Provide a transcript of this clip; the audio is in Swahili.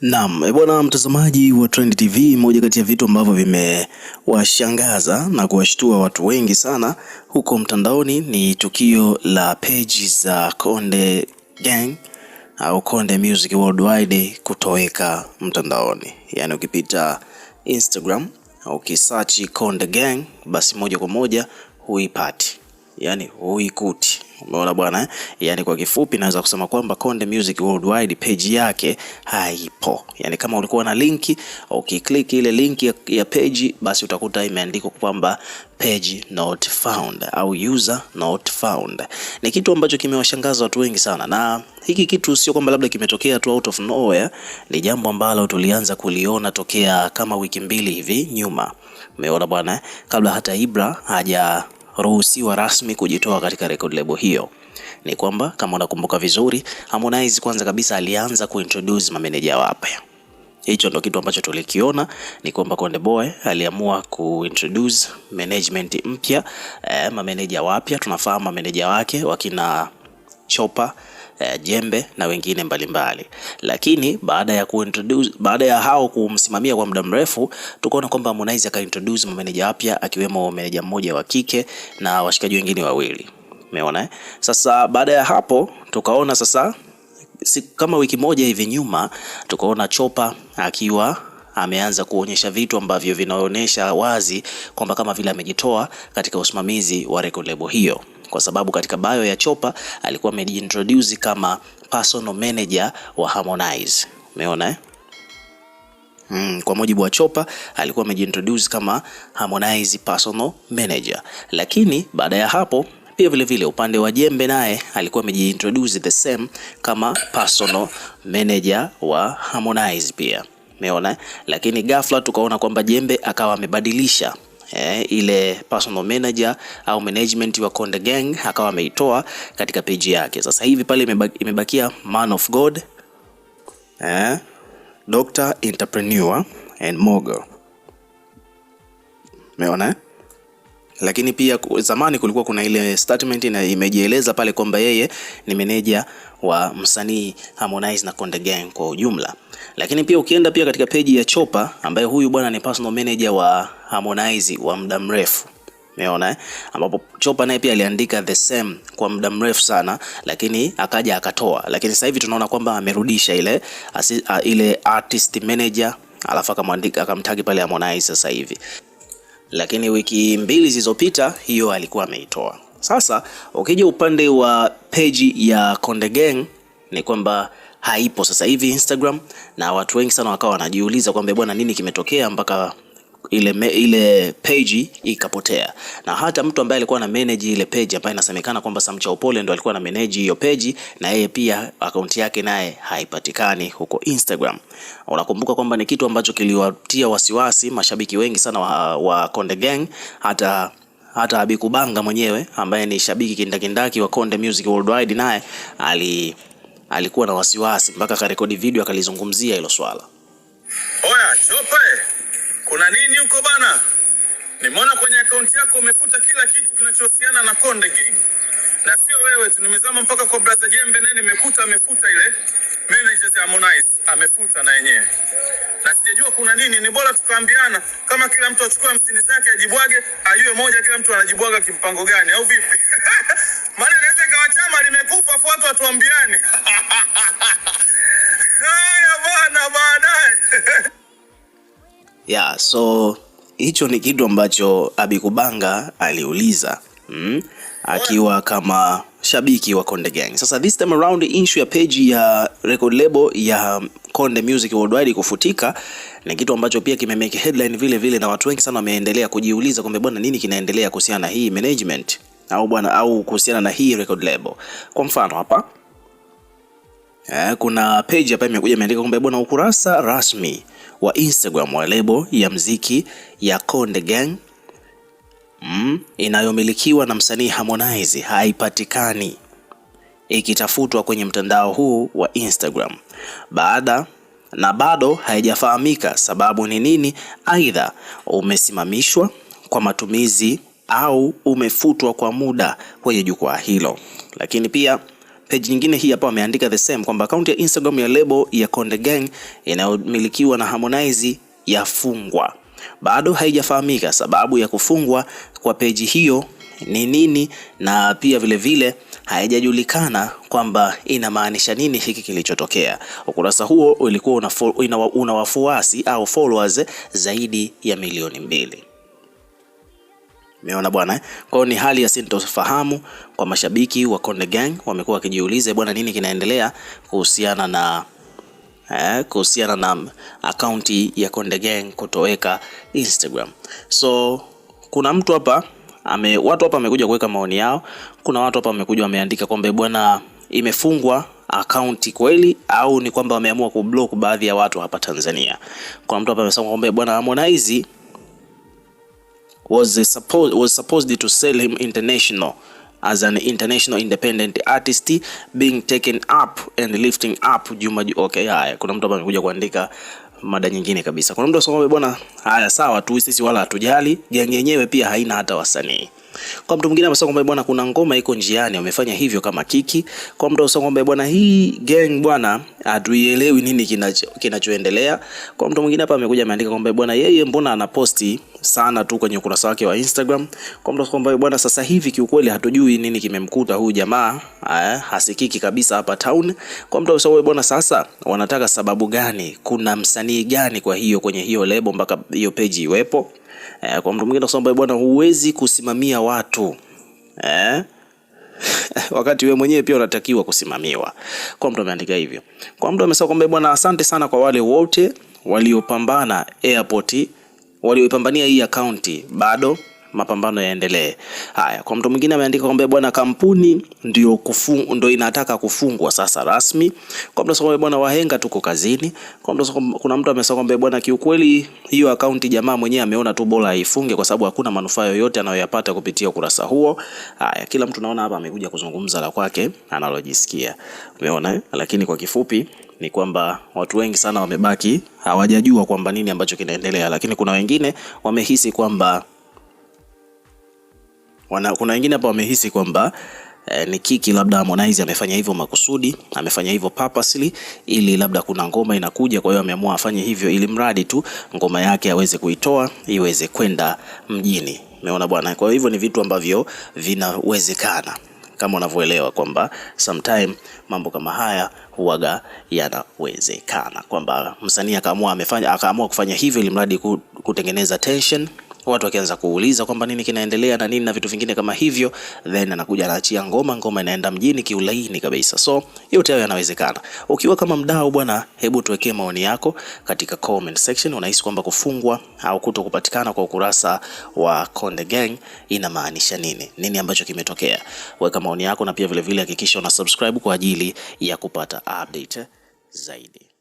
Naam, eh, bwana mtazamaji wa Trend TV, moja kati ya vitu ambavyo vimewashangaza na kuwashtua watu wengi sana huko mtandaoni ni tukio la page za Konde Gang au Konde Music Worldwide kutoweka mtandaoni. Yaani ukipita Instagram ukisearch Konde Gang basi moja kwa moja huipati, yaani huikuti. Umeona bwana eh? Yaani kwa kifupi naweza kusema kwamba Konde Music Worldwide page yake haipo. Yaani kama ulikuwa na linki ukiklik ile linki ya, ya page basi utakuta imeandikwa kwamba page not found au user not found. Ni kitu ambacho kimewashangaza watu wengi sana, na hiki kitu sio kwamba labda kimetokea tu out of nowhere, ni jambo ambalo tulianza kuliona tokea kama wiki mbili hivi nyuma. Umeona bwana eh? Kabla hata Ibra haja ruhusiwa rasmi kujitoa katika record label hiyo. Ni kwamba kama unakumbuka vizuri, Harmonize kwanza kabisa alianza kuintroduce mameneja wapya. Hicho ndo kitu ambacho tulikiona ni kwamba Konde Boy aliamua kuintroduce management mpya eh, mameneja wapya. Tunafahamu mameneja wake wakina Chopa eh, jembe na wengine mbalimbali mbali. Lakini baada ya kuintroduce, baada ya hao kumsimamia kwa muda mrefu, tukaona kwamba Harmonize akaintroduce mameneja wapya akiwemo meneja mmoja wa kike na washikaji wengine wawili. Umeona eh? Sasa baada ya hapo tukaona sasa si, kama wiki moja hivi nyuma tukaona Chopa akiwa ameanza kuonyesha vitu ambavyo vinaonyesha wazi kwamba kama vile amejitoa katika usimamizi wa record label hiyo kwa sababu katika bio ya Chopa alikuwa amejiintroduce kama personal manager wa Harmonize. Umeona eh? Mm, kwa mujibu wa Chopa alikuwa amejiintroduce kama Harmonize personal manager, lakini baada ya hapo pia vile vile upande wa Jembe naye alikuwa amejiintroduce the same kama personal manager wa Harmonize pia. Umeona, eh? lakini ghafla tukaona kwamba Jembe akawa amebadilisha eh, ile personal manager au management wa Konde Gang akawa ameitoa katika page yake. Sasa hivi pale imebakia Man of God eh, Dr. Entrepreneur and Mogo. Umeona? lakini pia zamani kulikuwa kuna ile statement na imejieleza pale kwamba yeye ni meneja wa msanii Harmonize na Konde Gang kwa ujumla. Lakini pia ukienda pia katika peji ya Chopa, ambaye huyu bwana ni personal manager wa Harmonize wa muda mrefu Umeona eh? Ambapo Chopa naye pia aliandika the same kwa muda mrefu sana, lakini akaja akatoa. Lakini sasa hivi tunaona kwamba amerudisha ile asi, a, ile artist manager alafu akamwandika akamtagi pale Harmonize sasa hivi lakini wiki mbili zilizopita hiyo alikuwa ameitoa. Sasa ukija upande wa peji ya Konde Gang ni kwamba haipo sasa hivi Instagram, na watu wengi sana wakawa wanajiuliza kwamba bwana, nini kimetokea mpaka ile, ile page ikapotea, na hata mtu ambaye alikuwa na manage ile page ambaye inasemekana kwamba Samcha Upole ndo alikuwa na manage hiyo page, na yeye pia akaunti yake naye haipatikani huko Instagram. Unakumbuka kwamba ni kitu ambacho kiliwatia wasiwasi mashabiki wengi sana wa, wa Konde Gang hata hata Abikubanga mwenyewe ambaye ni shabiki kindakindaki wa Konde Music Worldwide naye ali, alikuwa na wasiwasi mpaka akarekodi video akalizungumzia hilo swala kuna nini huko bana? Nimeona kwenye akaunti yako umefuta kila kitu kinachohusiana na Konde Gang, na sio wewe tu, nimezama mpaka kwa brother Jembe naye nimekuta amefuta ile manager ya Harmonize, amefuta na yenyewe, na sijajua kuna nini. Ni bora tukaambiana, kama kila mtu achukue hamsini zake ajibwage, ajue moja, kila mtu anajibwaga kimpango gani, au vipi? maana inaweza kawa chama limekufa, watu watuambiane haya bana, baada Yeah, so hicho ni kitu ambacho Abikubanga aliuliza mm, akiwa kama shabiki wa Konde Gang. Sasa this time around issue ya page ya record label ya Konde Music Worldwide kufutika ni kitu ambacho pia kimemake headline vile vile, na watu wengi sana wameendelea kujiuliza kwamba bwana, nini kinaendelea kuhusiana na hii management au bwana au kuhusiana na hii record label. Kwa mfano hapa eh, kuna page hapa imekuja imeandika kwamba bwana, ukurasa rasmi wa Instagram wa lebo ya mziki ya Konde Gang mm, inayomilikiwa na msanii Harmonize haipatikani ikitafutwa kwenye mtandao huu wa Instagram baada na bado haijafahamika sababu ni nini, aidha umesimamishwa kwa matumizi au umefutwa kwa muda kwenye jukwaa hilo, lakini pia page eh, nyingine hii hapa wameandika the same kwamba akaunti ya Instagram ya lebo ya Konde Gang inayomilikiwa na Harmonize yafungwa. Bado haijafahamika sababu ya kufungwa kwa peji hiyo ni nini, na pia vilevile haijajulikana kwamba inamaanisha nini hiki kilichotokea. Ukurasa huo ulikuwa una, una wafuasi au followers zaidi ya milioni mbili. Umeona bwana eh? Kwa hiyo ni hali ya sintofahamu kwa mashabiki wa Konde Gang, wamekuwa wakijiuliza bwana, nini kinaendelea kuhusiana na eh, kuhusiana na akaunti ya Konde Gang kutoweka Instagram. So kuna mtu hapa ame, watu hapa wamekuja kuweka maoni yao. Kuna watu hapa wamekuja wameandika kwamba bwana, imefungwa akaunti kweli au ni kwamba wameamua kublock baadhi ya watu hapa Tanzania. Kuna mtu hapa amesema kwamba bwana Harmonize was, suppo was supposed to sell him international as an international independent artist being taken up and lifting up Juma. Okay, haya, kuna mtu ambaye amekuja kuandika mada nyingine kabisa. Kuna mtu asomwe bwana, haya sawa tu, sisi wala hatujali, gengi yenyewe pia haina hata wasanii. Kwa mtu mwingine amesema kwamba bwana, kuna ngoma iko njiani, wamefanya hivyo kama kiki. Kwa mtu amesema kwamba bwana, hii gang bwana, hatuielewi nini kinacho kinachoendelea. Kwa mtu mwingine hapa amekuja ameandika kwamba bwana, yeye mbona anaposti sana tu kwenye ukurasa wake wa Instagram. Kwa mtu kwamba bwana, sasa hivi kiukweli hatujui nini kimemkuta huyu jamaa, eh, hasikiki kabisa hapa town. Kwa mtu amesema bwana, sasa wanataka sababu gani? Kuna msanii gani kwa hiyo kwenye hiyo lebo mpaka hiyo page iwepo? eh, kwa mtu mwingine kusema bwana, huwezi kusimamia watu eh? wakati wewe mwenyewe pia unatakiwa kusimamiwa. Kwa mtu ameandika hivyo. Kwa mtu amesema kwamba eh, bwana, asante sana kwa wale wote waliopambana airport, waliopambania hii akaunti bado mapambano yaendelee. Haya, kwa mtu mwingine ameandika kwamba bwana, kampuni ndio kufungu, ndio inataka kufungwa sasa rasmi. Kwa mtu asema bwana, wahenga tuko kazini. Kwa mtu kuna mtu amesema kwamba bwana, kiukweli hiyo akaunti jamaa mwenyewe ameona tu bora aifunge, kwa sababu hakuna manufaa yoyote anayoyapata kupitia ukurasa huo. Haya, kila mtu naona hapa amekuja kuzungumza la kwake analojisikia, umeona. eh? Lakini kwa kifupi ni kwamba watu wengi sana wamebaki hawajajua kwamba nini ambacho kinaendelea, lakini kuna wengine wamehisi kwamba Wana, kuna wengine hapa wamehisi kwamba eh, ni kiki labda Harmonize amefanya hivyo makusudi, amefanya hivyo purposely, ili labda kuna ngoma inakuja, kwa hiyo ameamua afanye hivyo ili mradi tu ngoma yake aweze kuitoa iweze kwenda mjini. Umeona bwana, kwa hivyo ni vitu ambavyo vinawezekana kama unavyoelewa kwamba sometime mambo kama haya huwaga yanawezekana, kwamba msanii akaamua amefanya akaamua kufanya hivyo ili mradi kutengeneza tension watu wakianza kuuliza kwamba nini kinaendelea na nini na vitu vingine kama hivyo, then anakuja anaachia ngoma, ngoma inaenda mjini kiulaini kabisa. So yote hayo yanawezekana. Ukiwa kama mdau bwana, hebu tuwekee maoni yako katika comment section. Unahisi kwamba kufungwa au kuto kupatikana kwa ukurasa wa Konde Gang inamaanisha nini? Nini ambacho kimetokea? Weka maoni yako na pia vilevile hakikisha una subscribe kwa ajili ya kupata update zaidi.